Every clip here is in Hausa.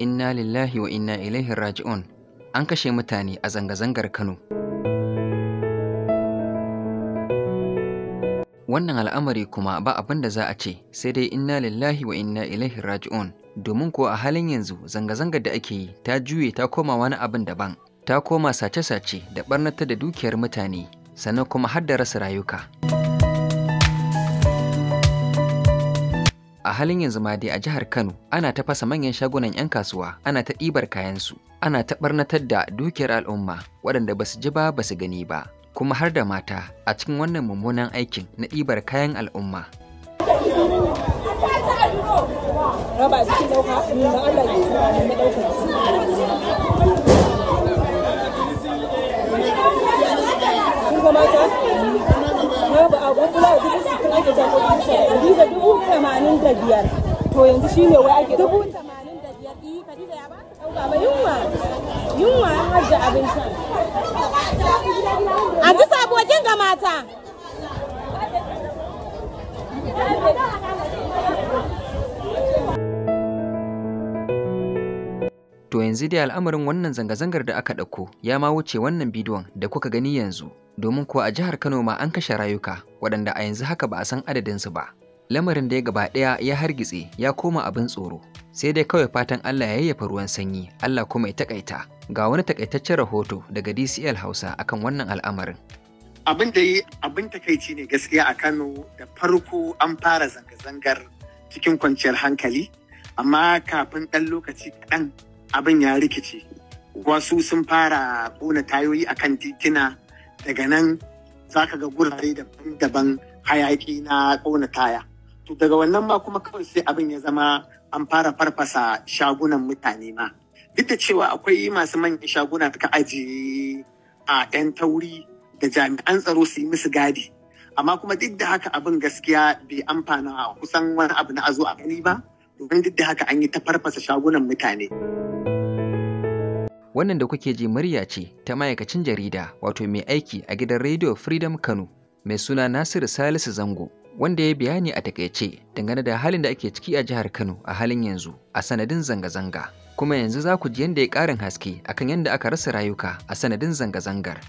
inna lillahi wa inna ilaihi raji'un an kashe mutane a zanga-zangar Kano. Wannan al'amari kuma ba abin da za a ce sai dai inna lillahi wa inna ilaihi raji'un domin ko a halin yanzu zanga-zangar da ake yi ta juye ta koma wani abin daban ta koma sace-sace da ɓarnata da dukiyar mutane sannan kuma har da rasa rayuka. A halin yanzu ma dai a jihar Kano ana ta fasa manyan shagunan 'yan kasuwa ana ta ɗibar kayansu ana ta ɓarnatar da dukiyar al'umma waɗanda ba su ji ba ba su gani ba kuma har da mata a cikin wannan mummunan aikin na ɗibar kayan al'umma. raba Khadija to yanzu shi ne wai ake dubu tamanin da biyar eh ya ba ka ɗauka ba yunwa yunwa an hajji abincin. An ji ga mata. To yanzu dai al'amarin wannan zanga-zangar da aka ɗauko ya ma wuce wannan bidiyon da kuka gani yanzu. domin kuwa a jihar Kano ma an kashe rayuka waɗanda a yanzu haka ba a san adadinsu ba. Lamarin da ya gaba ɗaya ya hargitse ya koma abin tsoro, sai dai kawai fatan Allah ya yayyafa ruwan sanyi, Allah kuma ya takaita. Ga wani takaitaccen rahoto daga DCL Hausa akan wannan al'amarin. Abin da yi abin takaici ne gaskiya a Kano da farko an fara zanga-zangar cikin kwanciyar hankali, amma kafin ɗan lokaci kaɗan abin ya rikice. Wasu sun fara ƙona tayoyi akan titina daga nan za ka ga gurare daban-daban hayaki na kona taya to daga wannan ma kuma kawai sai abin ya zama an fara farfasa shagunan mutane ma duk da cewa akwai masu manyan shaguna suka ajiye a 'yan tauri da jami'an tsaro su yi musu gadi amma kuma duk da haka abin gaskiya bai amfana kusan wani abu na azo a gani ba domin duk da haka an yi ta farfasa shagunan mutane. Wannan da kuke ji murya ce ta ma'aikacin jarida wato mai aiki a gidan Radio Freedom Kano mai suna Nasiru Salisu Zango wanda ya bayani a takaice dangane da halin da ake ciki a jihar Kano a halin yanzu a sanadin zanga-zanga. Kuma yanzu za ku ji yadda ya ƙarin haske akan yadda aka rasa rayuka a sanadin zanga-zangar.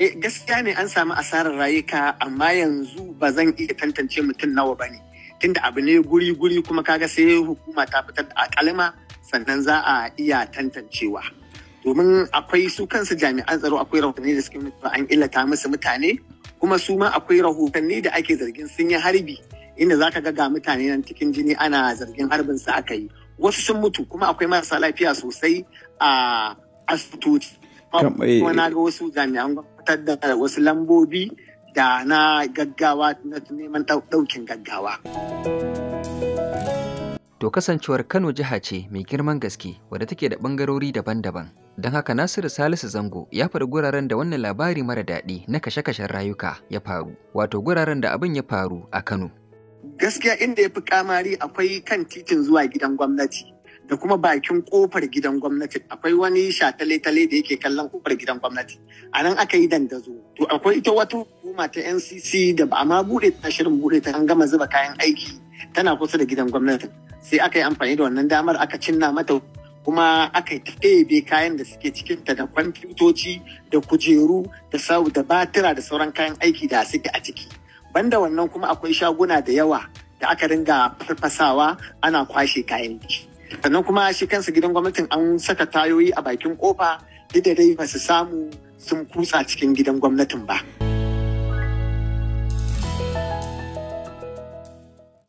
Eh, gaskiya ne an samu asarar rayuka amma yanzu ba zan iya tantance mutum nawa ba ne tunda abu ne guri-guri kuma kaga sai hukuma ta fitar da akalma sannan za a iya tantancewa. domin akwai su kansu jami'an tsaro akwai rahotanni da suke mutuwa an illata musu mutane kuma su ma akwai rahotanni da ake zargin sun yi harbi inda za ka ga mutane nan cikin jini ana zargin harbin su aka yi wasu sun mutu kuma akwai marasa lafiya sosai a asibitoci eh, kuma na ga wasu jami'an gwamnatar da wasu lambobi da na gaggawa na neman ɗaukin gaggawa. To kasancewar Kano jiha ce mai girman gaske wadda take da ɓangarori daban-daban. Don haka Nasiru Salisu Zango ya faɗi guraren da wannan labari mara daɗi na kashe-kashen rayuka ya faru, wato guraren da abin ya faru a Kano. Gaskiya inda ya fi kamari akwai kan titin zuwa gidan gwamnati da kuma bakin kofar gidan gwamnati akwai wani shatale-tale da yake kallon kofar gidan gwamnati a nan aka yi dandazo to akwai ita wata hukuma ta ncc da ba ma bude ta shirin bude ta an gama zuba kayan aiki tana kusa da gidan gwamnati. sai aka yi amfani da wannan damar aka cinna mata kuma aka yi ɗebe kayan da suke cikinta da kwamfutoci da kujeru da sau da batira da sauran kayan aiki da suke a ciki banda wannan kuma akwai shaguna da yawa da aka ringa farfasawa ana kwashe kayan sannan kuma shi kansa gidan gwamnatin an saka tayoyi a bakin kofa duk da dai ba su samu sun kutsa cikin gidan gwamnatin ba.